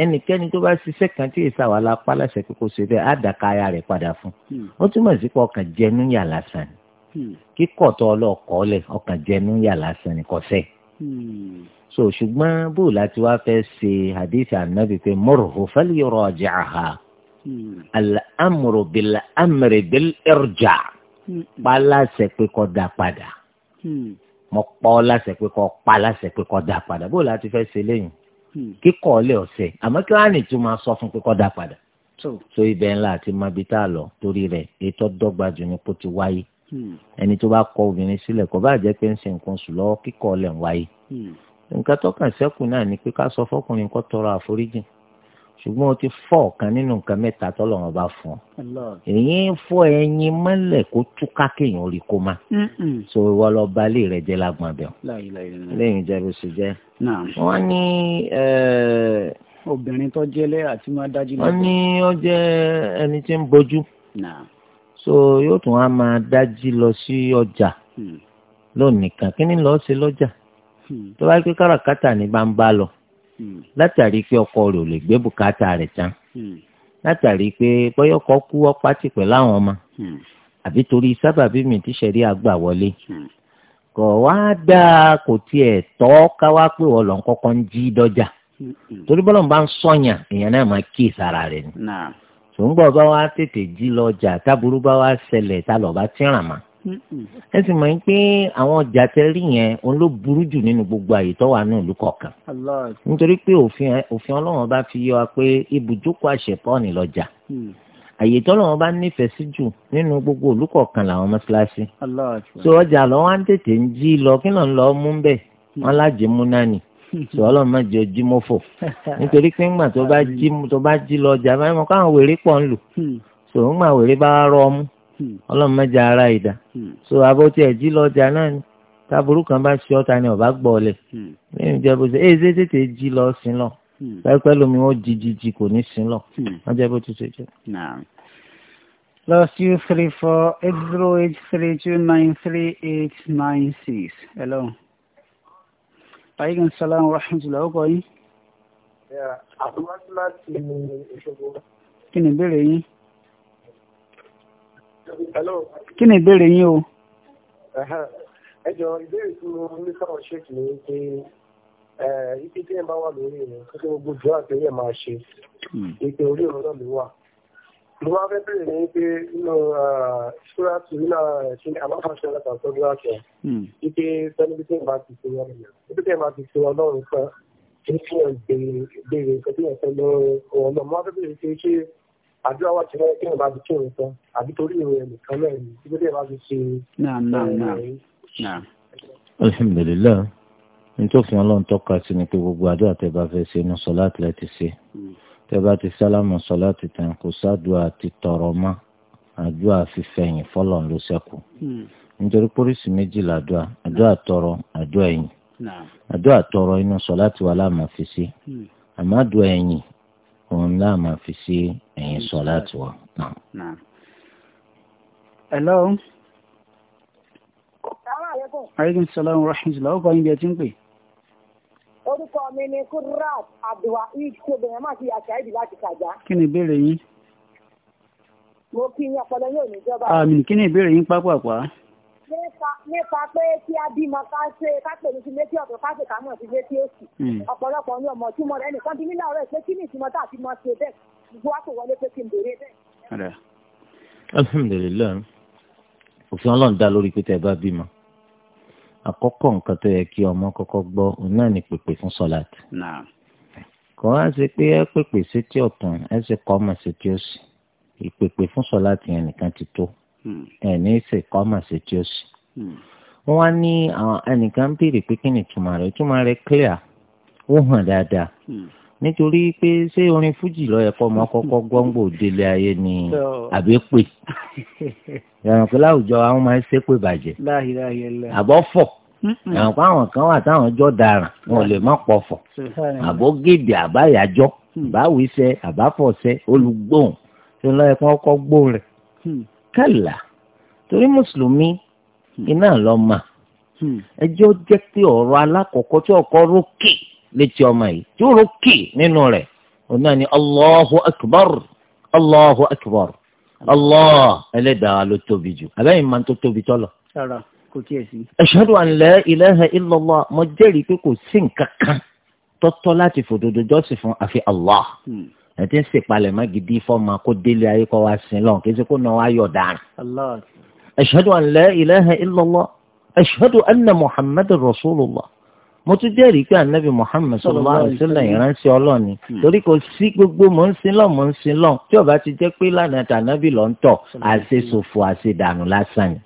ẹnikẹ́ni tó bá ṣiṣẹ́ kan tí èsà wà la pa láṣẹ kókó ṣe bẹ́ẹ̀ á dàka aya rẹ̀ padà fún hmm. ó túmọ̀ sí pé ọkàn jẹnu yà lásán ni hmm. kíkọ̀ tó ọlọ́ọ̀kọ́ lẹ̀ ọkàn jẹnu yà lásán ni kọ́sẹ́ hmm. so ṣùgbọ́n bó láti wá fẹ́ ṣe hadith ànábi pé murhu falyuraji'ha al-amru bil-amri bil-irja' pé kó dá padà mo pa ọ́ láṣẹ pé kó pa láṣẹ pé kó dá padà bó láti fẹ́ ṣe lẹ́yìn hmm. kíkọ́ ọ̀lẹ́ ọ̀sẹ̀ àmọ́ kí wàá nì tún sọ fún pé kó dá padà so ibẹ̀ ńlá àti mabi tá a lọ torí rẹ̀ ètò dọ́gba jù ní kó ti wáyé hmm. ẹni tó bá kọ obìnrin sílẹ̀ kó bá jẹ́ pé ń ṣe nǹkan sùn lọ́wọ́ kíkọ́ ọ̀lẹ́ ń wáyé hmm. nǹkan tó kàn ṣẹ́kù náà ni pé ká sọ fọkùnrin kó tọrọ àforíjì ṣùgbọ́n o ti fọ́ ọ̀kan nínú nǹkan mẹ́ta tọ́lọ́run bá fún ọ. èyí ń fọ́ ẹyin mọ́lẹ̀ kó túká kéèyàn orí kó má. so ìwọ lọ ba ilé rẹ jẹ́ lágbọ̀n bẹ́ẹ̀. lẹ́yìn jẹ́ bó ṣe jẹ́. wọ́n ní obìnrin tó jẹ́lẹ́ àti máa dájú wọ́n ní ó jẹ́ ẹni tí ń bójú. so yóò tún wá máa dájú lọ sí ọjà hmm. lónìí kan kí ni lọ́ọ́ ṣe lọ́jà hmm. tó bá yẹ kí káràkátà ni bá ń bá lọ. Hmm. látàrí pé ọkọ rẹ̀ ò lè gbé bùkátà rẹ̀ tán hmm. látàrí pé bọ́yọ̀kọ́ kú ọpá tì pẹ̀lú àwọn ọmọ hmm. àbí torí sábàbí mi ti ṣẹ̀rí àgbà wọlé kò wá dáa kò tiẹ̀ tọ́ ká wá pé wọ́n lọ́n kọ́kọ́ ń jí dọ́jà torí bọ́lọ̀ bá ń sọ̀yàn èèyàn náà máa kí ìsara rẹ̀ ni tòun gbọ́ bá wá tètè jí lọ́jà táburú bá wá ṣẹlẹ̀ tá lọ́ọ́ bá tíràn máa ẹ sì mọ̀ pé àwọn ọjà tẹ rí yẹn òun ló burú jù nínú gbogbo àyè tó wà nínú ìlú kọ̀ọ̀kan nítorí pé òfin ọlọ́run bá fi yọ wa pé ibùjókòó àṣepọ́ọ̀nì lọ́jà hmm. àyè tọ́lọ́wọ́n bá nífẹ̀ẹ́ sí jù nínú gbogbo olùkọ̀ọ̀kan làwọn mọ́ṣáláṣí. so ọjà lọ wá ń tètè ń jí lọ kí ló ń lọ mú bẹ́ẹ̀ hmm. wọ́n lájẹ mú náà nì sọ ọlọ́run má jẹ́ ojú mọ́fò nítorí pé ńgbà tó bá jí lọ ọjà báyìí mọ́ káwọn wèrè pọ̀ ń lò hmm. so ńgbà wèrè bá rọ ọmú Hmm. ọlọ́run mẹ́jọ ara ìdá hmm. so abọ́tí ẹ̀jí lọ́jà náà ni táburú kan bá ṣe ọ́ta ni ọ̀bá gbọ́ ọ̀lẹ̀ lẹ́yìn hmm. ìjẹ́bù ṣe èyí eh, ṣe tètè jí lọ sí lọ pẹ́pẹ́ lomi wọ́n jí jí jí kò ní sí lọ wọ́n jẹ́ bó ti ṣe jẹ́. plus two three four eight zero eight three two nine three eight nine six hello. aleykum salaam wa rahmatulah ọkọ yín. àtúwọ́sí láti ìṣòro. kí ni ìbéèrè yín kí ni ìbéèrè yín o. ẹjọ ìbéèrè tí mo ní káwọn ṣèkì ni pé ibi tí ẹ bá wà lórí rẹ kókó gbogbo ìjọ àti ẹyẹ máa ṣe hmm. ìpè orí òun náà ló wà. mo máa fẹ́ bẹ̀rẹ̀ ní pé nínú ìṣúra tù nínú ṣe àbáfàṣẹ ọlọ́pàá tó dúró àṣẹ hmm. ipe sẹ́ni tí ẹ bá ti ṣe ọlọ́run ibi tí bá ti ṣe ọlọ́run kan kí ẹ bèrè nǹkan tí ẹ fẹ́ lọ́wọ́ fẹ́ bẹ̀rẹ̀ ṣe àdúrà wà tí wọ́n kí wọ́n bá fi kírun tán àbí torí ìròyìn ẹnìkan náà ni tí wọ́n bá fi ṣe. naam naam eh, naam alhamdulilayi nítòfin ọlọ́run tọ́ka sí ni pé gbogbo àdúrà tẹ́ bá fẹ́ ṣe inú sọlá tilẹ̀ ti ṣe hmm. tẹ́ bá ti sálámù sọlá ti tàn kó sádùá ti tọrọ mọ́ àdúrà fífẹ̀yìn fọlọ́n ló ṣẹ́kù hmm. nítorí pólísì méjì làdúrà àdúrà tọrọ àdúrà ẹ̀yìn àdúrà tọrọ inú sọlá ti wà láàmú fi ṣe hmm. àmọ́ àdúrà ẹ̀yìn òun náà máa fi sí ẹ̀yìn sọlá tiwa náà. hello. aleykum salaam wa rahmatulah ọkọ yín bí ẹ ti ń pè. orúkọ mi ni kudrat abdulwaheed tí obìnrin máa fi àṣà ìdí láti ṣàjá. kí ni ìbéèrè yín. mo kí yín ọpọlọ yóò ní àmì kí ni ìbéèrè yín pápá pàápàá nípa pé kí a bímọ ká ṣe ká pè ní ilé tí ọ̀tọ̀ ká ṣe ká mọ̀ sí ilé tí ó sì ọ̀pọ̀lọpọ̀ ní ọmọ tí mo rẹ̀ nìkan bí nílà ọ̀rẹ́ pé kí ni ìtumọ̀ tá a fi mọ ṣe bẹ́ẹ̀ gbogbo wa kò wọlé pé kí n béèrè bẹ́ẹ̀. alhamdulilayi òfin ọlọ́run dá lórí pé tẹ́ ẹ bá bímọ àkọ́kọ́ nǹkan tó yẹ kí ọmọ kọ́kọ́ gbọ́ òun náà ni pèpè fún sọ́láàtì. kò wá ṣe pé ẹ pèpè sétí ọ̀tún ẹ sì kọ́ ọmọ sétí òsì ìpèpè fún sọ́láàtì yẹn nìkan ti tó. Hmm. ẹ̀ ní ìsìnkọ́ mà sí tí ó sì. Hmm. wọ́n wá ní ẹnìkan ń béèrè pé kí ni ìtumọ̀ rẹ̀ ìtumọ̀ rẹ̀ clear ó hàn dáadáa hmm. nítorí pé ṣé orin fújì lọ́yẹ̀ kọ́ ọmọ kọ́kọ́ gbọ́ngbò délé ayé ni àbí pè ìyàrá pé láwùjọ àwọn máa ń ṣépè bàjẹ́ àbọ̀ fọ̀ ìyàrá àwọn kan wà táwọn daràn wọn ò lè má pọ̀ fọ̀ àbọ̀ gèdè kálá torí mùsùlùmí iná lọ mà hmm. ẹjọ́ jẹ́ pé ọ̀rọ̀ alákọ̀ọ́kọ́ tí ọkọ rókè létí ọmọ yìí tí ó rókè nínú rẹ̀ òun náà ni allahu akbar allahu akbar allah ẹlẹ́dàá ló tóbi jù abẹ́yìn máa ń tó tóbi tọ́lọ̀. ashhadu an la ilaha illallah mo jẹ́rìí pé kò sí nǹkan kan tọ́tọ́ láti fòdodo jọ́sìn fún àfi allah. Hmm ẹ ti ń sèpalẹ̀ má gidi fọ́ọ̀mà kó délé ayé kọ́ wa sin lọ́n kí ẹ ti kó náà wá yọ̀ dára. ashhadu an la ilaha illallah ashhadu anna muhammadur rasulullah mo tún jẹ́rìí pé anabi muhammed sallallahu alaihi ìránṣẹ́ ọlọ́run hmm. torí kò sí gbogbo mò ń sin lọ́n mò ń sin lọ́n tí ó ti jẹ́ pé lánàá tànàbì lọ́ ń tọ̀ àṣeṣòfò àṣedànù lásán ni.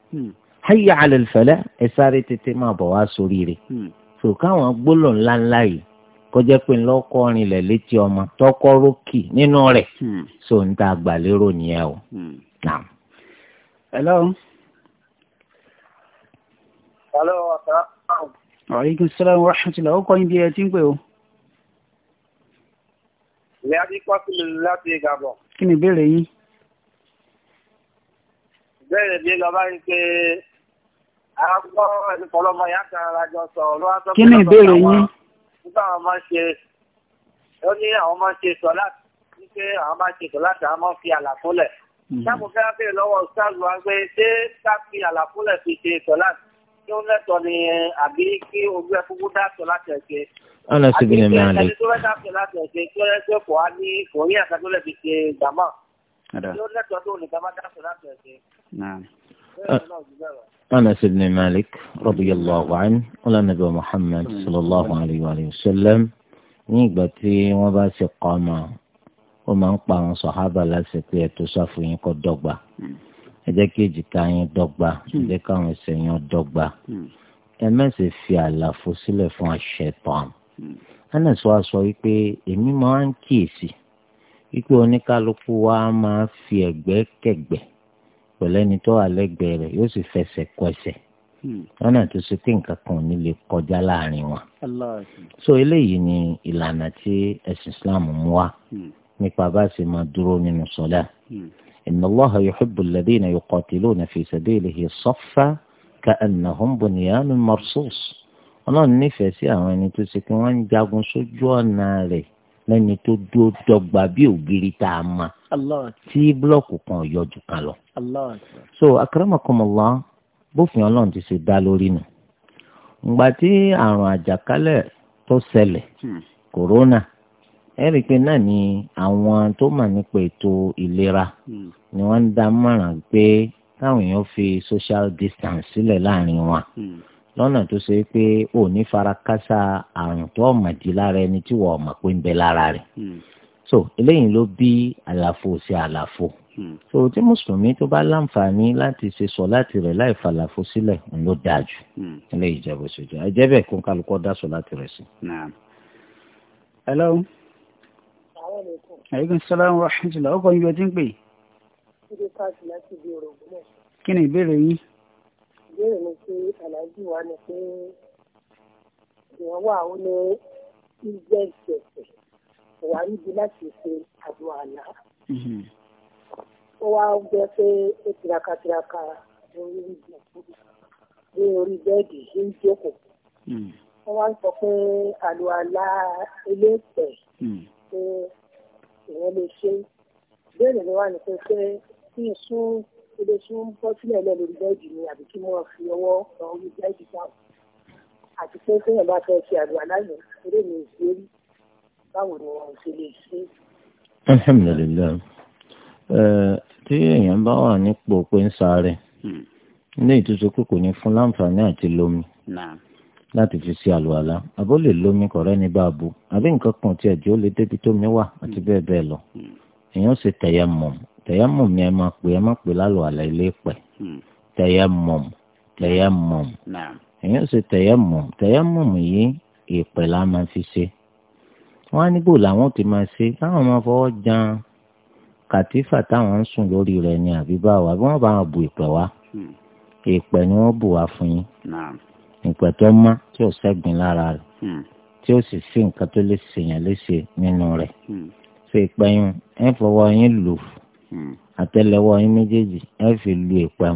Hmm. ẹ hayya ala al-falah ẹ tètè máa bọ̀ wá sórí rẹ̀ hmm. so káwọn gbólọ̀ ńláńlá yìí kọjá pé ńlọkọ rinlẹ̀ ọmọ tọkọ rókì nínú hmm. so ń ta nìyẹn o. Hmm. hello. hello wa yín Kí ni ìbéèrè yín? Nígbà àwọn máa ń ṣe, ó ní àwọn máa ń ṣe sọ láti, wípé àwọn máa ń ṣe sọ láti àwọn máa ń fi àlàfólẹ̀. Sáàmù hmm. fẹ́ bèèrè lọ́wọ́ Ṣáàlù wa pé ṣé káfí àlàfólẹ̀ fi ṣe sọ láti kí ó lẹ́tọ̀ ni àbí kí ojú ẹ kúkú dá sọ láti ẹ̀ṣẹ̀. Ọ̀nà síbi ni mi à kí ẹni tó fẹ́ dá láti ẹ̀ṣẹ̀ kí ó yẹ kí á ní kò أنس بن مالك رضي الله عنه قال النبي محمد صلى الله عليه وآله وسلم nígbà tí wọ́n bá ṣe kọ́ ọmọ ó máa ń pa àwọn sọ̀hábà láti pé ẹ̀ tó ṣàfù yín kó dọ́gba ẹ jẹ́ kí èjìká yín dọ́gba ẹ jẹ́ káwọn ẹsẹ̀ yín dọ́gba ẹ má ṣe fi àlàfo sílẹ̀ fún àṣetán Anas wa sọ wípé èmi máa ń kíyèsí wípé oníkálukú wa máa fi ẹ̀gbẹ́ kẹ̀gbẹ́ pẹ̀lú ẹni tó wà lẹ́gbẹ̀ẹ́ rẹ̀ yóò sì fẹsẹ̀ kọsẹ̀ hmm. lọ́nà tó ṣe pé nǹkan kan ò ní lè kọjá láàrin wọn. so eléyìí ni ìlànà tí ẹ̀sìn Islam mú wá hmm. nípa bá a ṣe máa dúró nínú sọ́dá. Hmm. inna Allaha yuhibbu alladhina yuqatiluna fi sabilihi saffan ka'annahum bunyanun marsus. ọlọ́run nífẹ̀ẹ́ sí àwọn ẹni tó ṣe pé wọ́n ń jagun sójú ọ̀nà rẹ̀ lẹ́ni tó dúró dọ́gba bí ògiri tá a máa tí búlọ́ọ̀kù kan yọ jù kan lọ. so akaramakomola bófin ọlọ́run ti ṣe dá lórí nù. ìgbà tí àrùn àjàkálẹ̀ tó ṣẹlẹ̀ kòrónà hmm. ẹ rí i pé náà ni àwọn tó mà nípa ètò ìlera hmm. ni wọ́n ń dá mọ̀ràn pé káwọn èèyàn fi social distance sílẹ̀ láàrin wọn hmm. lọ́nà tó ṣe pé ò ní fara kásá àrùn tó ọ̀màdí lára ẹni tí wọ́n ọ̀mà pé ń bẹ lára rẹ̀. Mm so eléyìí ló bí àlàfo sí àlàfo hmm. so tí mùsùlùmí tó bá láǹfààní láti ṣe sọ láti rẹ̀ láì fàlàfo sílẹ̀ ń ló dáa jù hmm. eléyìí jẹ́ bó ṣe jẹ́ ẹ jẹ́ bẹ́ẹ̀ kó kálukọ́ dá sọ láti rẹ̀ sí. hello. aleykum salaam wa rahmatulah ọkọ yín ojú ń pè. kí ni ìbéèrè yín. ìbéèrè mi ṣe aláàjì wa ni pé ìwọ́n wà ó ní ìjẹ́ ìṣẹ̀ṣẹ̀ wà níbi láti ṣe àdúrà àná. Mhm. ó wá jẹ́ pé ó tiraka tiraka lórí ní orí bẹ́ẹ̀dì ṣe ń jókòó. wọ́n mhm. wá ń sọ pé àlùalá eléèpẹ̀ mhm. pé ìyẹn lè ṣe bẹ́ẹ̀ ni wà ní pé pé kí n sún ilé sún bọ́ sílẹ̀ lẹ́ lórí bẹ́ẹ̀dì ni àbí kí wọ́n fi ọwọ́ lọ orí bẹ́ẹ̀dì sáà àti pé kéèyàn bá fẹ́ ṣe àlùalá yẹn eré mi ìṣeré báwo ni wọ́n ṣe lè ṣe. alhamdulilayi tí èèyàn bá wà nípò pé ń sáré hmm. ilé ìtúsọ pé kò ní fún láǹfààní àti lómi láti fi ṣe àlùwàlá àbó lè lómi kọ̀rẹ́ ní báàbò àbí nǹkan kan tí ẹ̀jẹ̀ ó lè débi tó mi wà àti hmm. bẹ́ẹ̀ bẹ́ẹ̀ lọ hmm. èèyàn ṣe tẹ̀yẹ̀mọ̀ tẹ̀yẹ̀mọ̀ mi ẹ máa pè ẹ máa pè lálùwàlá ilé pẹ̀ tẹ̀yẹ̀mọ̀ tẹ̀yẹ̀mọ̀ èèyàn ṣe tẹ̀yẹ̀mọ̀ tẹ̀yẹ̀mọ̀ yìí ìpè la máa fi ṣe wọ́n á níbò làwọn ti máa ṣe táwọn máa fọwọ́ jan kàtífà táwọn ń sùn lórí rẹ̀ ni àbí báwo àbí wọ́n bá wọn bu ìpẹ́ wá hmm. ìpẹ́ ni wọ́n bù wá fún yín ìpẹ́ tó má tí ò sẹ́gbìn lára rẹ̀ hmm. tí ó sì sí nǹkan tó lè ṣèyàn léṣe nínú rẹ̀ hmm. ṣe ìpẹ́ yín ẹ fọwọ́ yín lù àtẹ́lẹwọ́ yín méjèèjì ẹ fi lu ìpẹ́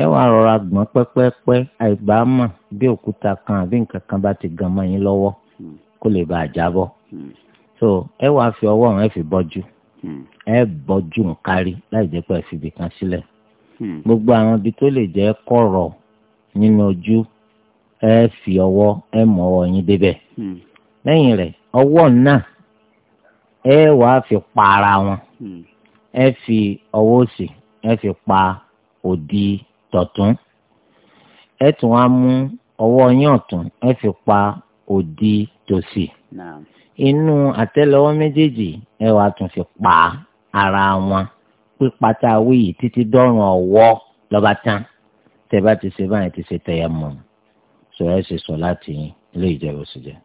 ẹ wàá rọra gbọ́n pẹ́pẹ́pẹ́ àìbámọ̀ bí òkúta kan àbí nǹkan kan bá ti gan mọ́ yín lọ́wọ́ kó lè bá a jábọ́ hmm. so ẹ wá fi ọwọ́ rẹ fi bọ́jú hmm. ẹ bọ́jú nkárí láì jẹ́ pé ẹ fi ibì kan sílẹ̀ hmm. gbogbo àwọn ibi tó lè jẹ́ kọ̀rọ̀ nínú ojú ẹ fi ọwọ́ ẹ mọ ọwọ́ yín débẹ̀ lẹ́yìn rẹ̀ ọwọ́ náà ẹ wàá fi pa ara wọn ẹ fi ọwọ́ òsì ẹ fi pa òdì tọ̀tún ẹ tún wá mú ọwọ́ yín ọ̀tún ẹ fi pa òdì tọ̀tún tò sí inú àtẹ́lẹwọ́ méjèèjì ẹ wà tún fi pa ara wọn pípa tá a wí yìí títí dọ́rùn ọ̀wọ́ lọ́ba tán tẹ́ bá ti ṣe báyìí ti ṣe tẹ̀yà mọ́ sọ ẹ̀ ṣe sọ láti yín ilé ìjẹ́bù sí jẹ́.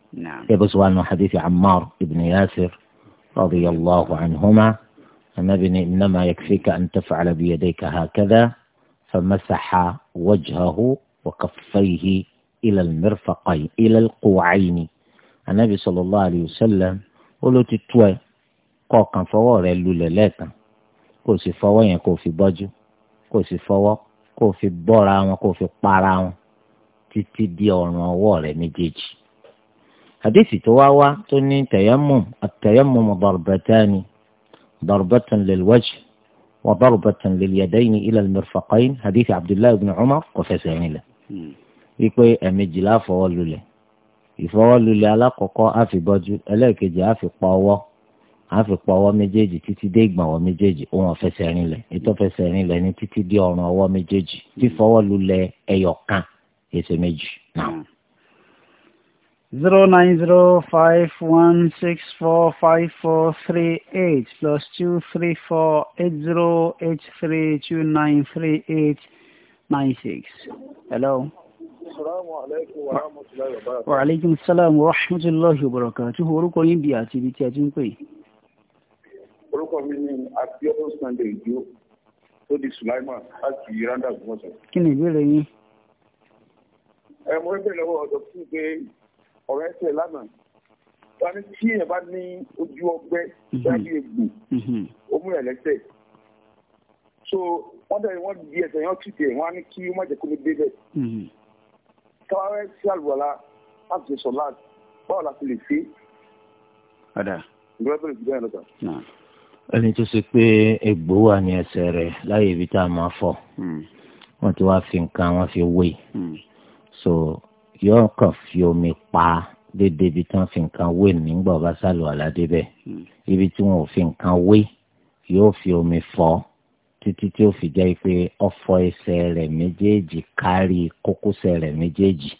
ẹ̀bùn sọ wà nù hadithi amar ibn yasir radiyallahu anhuma anabi ni innama yakfika an taf'ala biyadayka hakadha famasaha wajhahu wa kaffayhi ila al-mirfaqayn ila al-quwwayni. anabi sallallahu alayhi wa sallam ó ló ti tú ẹ kó kàn fọwọ́ rẹ̀ lulẹ̀ lẹ́ẹ̀kan kó o sì fọwọ́ yẹn kó o fi bọ́jú kó o sì fọwọ́ kó o fi bọ́ra wọn kó o fi para wọn títí di ọrùn ọwọ́ rẹ̀ méjèèjì hadisi tó wá wá tó ní tayammum at-tayammum darbatani darbatan lilwajh wa darbatan lilyadayni ila abdullahi ibn umar kò fẹsẹ̀ rìn lẹ̀ hmm. wípé ẹ̀ẹ̀mejì la lulẹ̀ ìfọwọ́lulẹ̀ alákọ̀ọ́kọ́ á fi bọ́jú ẹlẹ́ẹ̀kejì á fi pa ọwọ́ á fi pa ọwọ́ méjèèjì títí dé ìgbọ̀nwọ́ méjèèjì òun ọ̀fẹsẹ̀ rinlẹ̀ ètò ọ̀fẹsẹ̀ rinlẹ̀ ní títí dé ọ̀rùn ọwọ́ méjèèjì fífọwọ́lulẹ̀ ẹyọ̀kan èsè méjì náà. zero nine zero five one six four five four three eight plus two three four eight zero eight three two nine three eight nine six. hello. Wa alaikum salam wa rahmatullahi wa barakatuh. Orúkọ yín bí àti ibi tí a ti ń pè. Orúkọ mi ni Abiodun Sunday Ìjó tó di Sulaiman láti Randa Gbọ́sọ̀. Kí ni ìbéèrè yín? Ẹ mo ń bèèrè lọ́wọ́ ọ̀dọ̀ fún pé ọ̀rẹ́ ṣe lánàá. Wọ́n ní tí èèyàn bá ní ojú ọgbẹ́ dájú mhm. egbò, mhm. ó mú ẹ̀lẹ́sẹ̀. So wọ́n dẹ̀ wọ́n di ẹ̀sẹ̀ yẹn ó tìtẹ̀ wọ́n á ní kí ó má jẹ́ kó mi débẹ̀. Mhm káwáwé sí àlùwàlá láti ṣe sọ̀lá báwo la fi lè ṣe. ọ̀dà ẹni tó ṣe pé egbò wà ní ẹsẹ̀ rẹ̀ láyé ibi tá a máa fọ̀ hmm. wọ́n ti wá fi nǹkan wọ́n fi wé hmm. so yóò kàn fi omi pa déédéé ibi tí wọ́n fi nǹkan wé nígbà ọba sálọ aládé bẹ́ẹ̀ hmm. ibi tí wọ́n ò fi nǹkan wé yóò fi omi fọ̀ títí tí ó fi jẹ́ pé ọ̀fọ̀ ẹsẹ̀ rẹ̀ méjèèjì kárí kókósẹ̀ rẹ̀ méjèèjì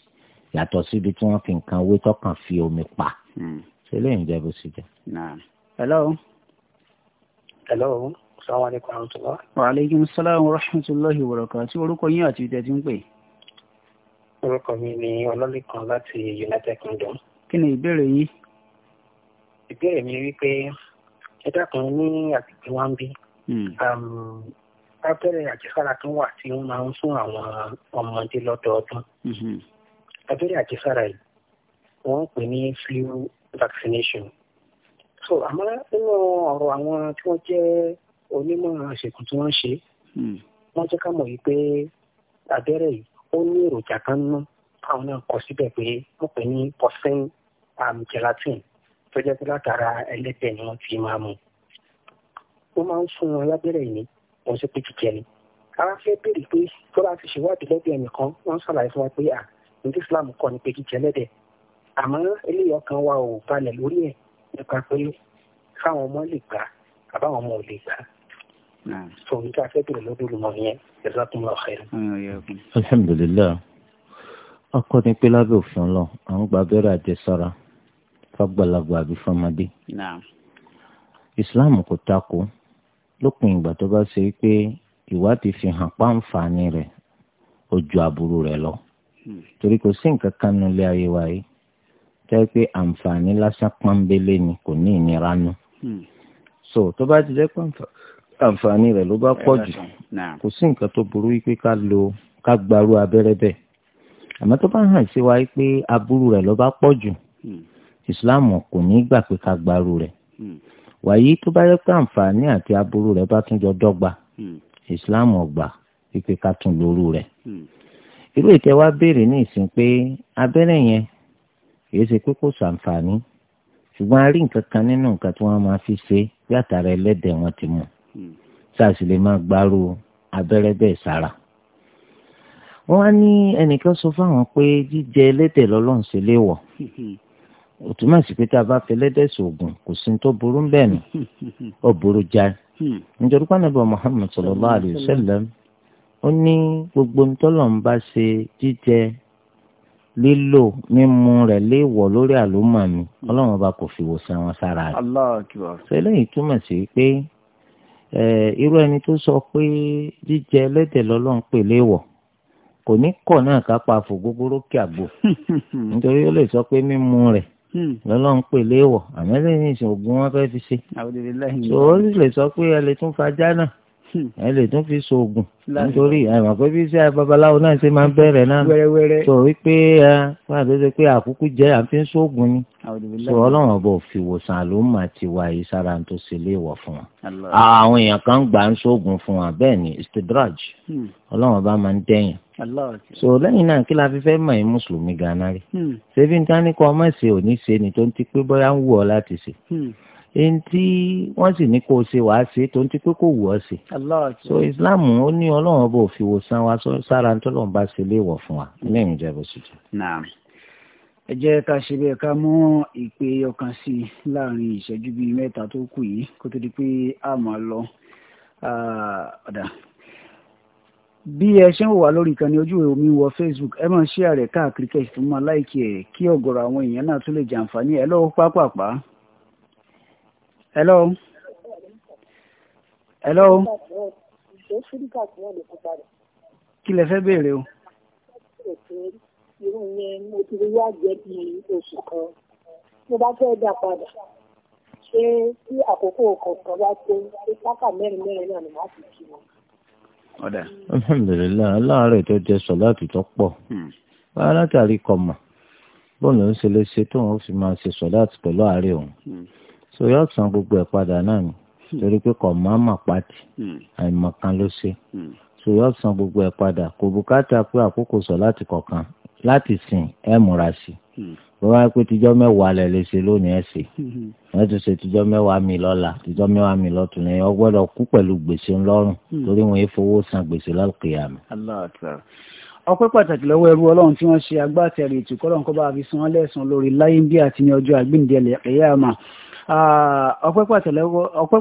yàtọ̀ síbi tí wọ́n fi nǹkan wé tọkàn fi omi pa hmm. ṣé lè jẹ́ bó ṣe jẹ́. hello. hello salaamaleykum rahmatulah. waaleykum salaam wa rahmatulahi wa barakatuh tí orúkọ yín àti ìtẹ̀tí ń pè. orúkọ mi ni ọlọ́lẹ́kan láti united kingdom. kí ni ìbéèrè yín. ìbéèrè mi wípé ẹ dákun ní àgbègbè wa ń bí Hmm. Um, abẹ́rẹ́ àjẹsára kan wà tí wọ́n máa ń fún àwọn ọmọdé lọ́dọọdún hmm. abẹ́rẹ́ àjẹsára yìí wọ́n ń pè ní flu vaccination so àmọ́ nínú ọ̀rọ̀ àwọn tí wọ́n jẹ́ onímọ̀ àṣekùn tí wọ́n ṣe hmm. wọ́n jẹ́ ká mọ̀ yìí pé abẹ́rẹ́ yìí ó ní èròjà kan nú àwọn náà kọ síbẹ̀ pé wọ́n pè ní porcine um, gelatin tó jẹ́ pé látara ẹlẹ́dẹ̀ ni wọ́n ti máa mú un ó máa ń fún wọn lábẹ́rẹ́ ìní wọ́n sì pé jíjẹ ni. ara fẹ́ béèrè pé tó bá ti ṣèwádìí lẹ́bi ẹnìkan wọ́n ṣàlàyé fún wa pé à ní tí Islam kọ́ ni pé jíjẹ lẹ́dẹ̀ àmọ́ eléyìí ọkàn wa ò balẹ̀ lórí ẹ̀ nípa pé káwọn ọmọ lè gbà àbáwọn ọmọ ò lè gbà. sọ wípé a fẹ́ béèrè lọ́dún olùmọ̀ yẹn ẹ̀rọ tó mọ̀ ọ̀hẹ́. alhamdulilayi ọkọ ni pé lábẹ́ òfin lọ àwọn gba abẹ́rẹ́ àjẹsára fàgbàlagbà àbí fọmọdé. islam kò takò lópin ìgbà tó bá ṣe pé ìwádìí fi hàn rẹ̀ ojú ju rẹ̀ lọ hmm. torí kò sí nǹkan kan nílé ayé wa yìí jẹ́ pé ni kò ní ìnira hmm. so tó bá ti jẹ́ pé àǹfààní rẹ̀ ló bá pọ̀ jù kò sí nǹkan tó burú lo ká gbarú abẹ́rẹ́ bẹ́ẹ̀ àmọ́ tó bá hàn sí wa pé rẹ ló bá pọ̀ jù ìsìláàmù hmm. kò ní gbà pé ká gbarú wàyí tó bá yẹ pé àǹfààní àti aburú rẹ̀ bá tún jọ dọ́gba hmm. islam ọgbà pípé ká tún lóru rẹ̀ hmm. irú ìtẹ́ wa béèrè ní ìsìn pé abẹ́rẹ́ yẹn kì í ṣe pé kò ṣàǹfààní ṣùgbọ́n a rí nǹkan kan nínú nǹkan tí wọ́n máa fi ṣe látara ẹlẹ́dẹ̀ wọn ti mú hmm. sars lè máa gbárù abẹ́rẹ́ bẹ́ẹ̀ sára wọ́n á ní ẹnìkan sọ fáwọn pé jíjẹ ẹlẹ́dẹ̀ lọ́lọ́run ṣe léèwọ̀ ó túmọ̀ sí pé tá a bá fi ẹlẹ́dẹ̀ sògùn kò sí tó burú ń bẹ̀ nù ó burú jáì nítorí pé Ànábì Muhammad sallallahu alayhi wa sallam ó ní gbogbo ntọ́lọ̀ ń bá ṣe jíjẹ lílò mímu rẹ̀ léèwọ̀ lórí àlùmọ̀ mi ọlọ́run ọba kò fi wòsàn wọn sára rẹ̀ sọ eléyìí túmọ̀ sí pé irú ẹni tó sọ pé jíjẹ ẹlẹ́dẹ̀ lọ́lọ́run pè léèwọ̀ kò ní kọ̀ náà ká pa àfò gbogbo rókè àgbò nítorí ó lè sọ pé mímu rẹ̀ lọ́lọ́run hmm. pè léèwọ̀ àmọ́ lẹ́yìn ìsìn ògùn wọn fẹ́ẹ́ fi ṣe. tó o lè sọ pé ẹ lè tún fa jánà Hmm. ẹ lè tún fi ṣoògùn nítorí àmọ́ pé bí iṣẹ́ babaláwo náà ṣe máa ń bẹ̀rẹ̀ náà tó wípé ẹ fún àtúnṣe pé àkúkú jẹ́ àfi ń ṣoògùn ni sọ ọlọ́run ọba òfin ìwòsàn àlòmà ti wà yìí sára tó ṣe lé wọ̀ fún wọn. àwọn èèyàn kan gbà ń ṣoògùn fún wọn bẹ́ẹ̀ ni istidraj hmm. ọlọ́run ọba máa ń dẹ́yìn. so lẹ́yìn náà kí la fi fẹ́ mọ̀ ẹ́ mùsùlùmí ganan rí. Hmm. ṣé bí n ta ní kọ́ ọmọ ìṣe òní ṣe ni tó ń ti pé bóyá ń wù ọ́ láti ṣe ẹni tí wọ́n sì ní kó o ṣe wàá ṣe tó ń ti pé kò wù ọ́ ṣe. so islam ó ní ọlọ́run ọba ò fi wò san wa sára ń tọ́lọ́run bá ṣe léèwọ̀ fún wa ilé ìjẹ́ bó ṣe jẹ́. ẹ jẹ́ ká ṣe bẹ́ẹ̀ ká mú ìpè ọkàn sí i láàrin ìṣẹ́jú bíi mẹ́ta tó kù yìí kó tó di pé a máa lọ ọ̀dà bí ẹ ṣe ń wà lórí ìkànnì ojú omi wọ facebook ẹ máa ṣí àrẹ káàkiri kẹsì tó máa láìkí ẹ kí ọ̀gọ̀rọ̀ àwọn èèyàn náà hello hello kí lẹ fẹ́ béèrè o. irú yẹn mo ti rí wájẹ bí oṣù kan mo bá fẹ́ dá padà ṣé tí àkókò kọ̀ọ̀kan bá tó ṣé pákà mẹ́rin mẹ́rin náà ni màá fi kí wọn. ọ̀dà. alhamdulilayi aláàárẹ̀ tó jẹ sọ láti tó pọ̀ hmm. báyọ̀ látàrí kọ̀mọ̀ bọ́ọ̀lù ń ṣe léṣe tóun ó fi máa ṣe sọ láti pẹ̀lú àárẹ̀ òun. Hmm so yóò san gbogbo ẹ̀ padà náà ni hmm. torí pé kò má mà pàtì hmm. àìmọ̀kan ló ṣe hmm. so yóò san gbogbo ẹ̀ padà kò bùkátà pé àkókò sọ láti kọ̀kan láti sìn ẹ̀ múra sí bó wáyé pé tíjọ́ mẹ́wàá lẹ̀ lè ṣe lónìí ẹ̀ ṣe ẹ̀ tún ṣe tíjọ́ mẹ́wàá mi lọ́la tíjọ́ mẹ́wàá mi lọ́tún lẹ́yìn ọ gbọ́dọ̀ kú pẹ̀lú gbèsè ńlọ́rùn torí wọn yóò fowó san gbèsè lálùkìyàmù. ọpẹ́ pàtàkì lọ́wọ́ ẹrú ọlọ́run tí wọ́n ṣe agbátẹrù ètò bá fi san án lẹ́sàn lórí láyé bí àti ní ọjọ́ àgbéǹde ẹ̀yà máa Ah, ọpẹ́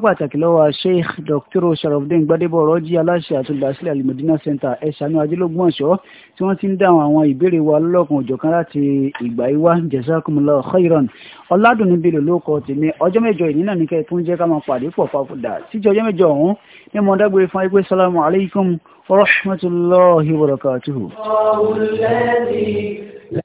pàtàkì lọ́wọ́ sheikh dr sharafdin gbadebo ọ̀rọ̀jì aláṣẹ àtúndásílẹ̀ alimọ̀dínà center ẹ̀ṣánú ajílógúnmọ̀ṣọ́ tí wọ́n ti ń dáhùn àwọn ìbéèrè wa lọ́lọ́kan òjọ̀kan láti ìgbà ìwá jazakumullahu khairan ọ̀làdùnní bèlò ló kọ́ tèmi ọjọ́ mẹ́jọ ìnínà ní kẹ́ tó ń jẹ́ ká máa pàdé pọ̀ papòdà títí ọjọ́ mẹ́jọ ọ̀hún ní mo dágbére fún salamu alaykum wa rahmatulahi